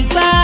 Isa.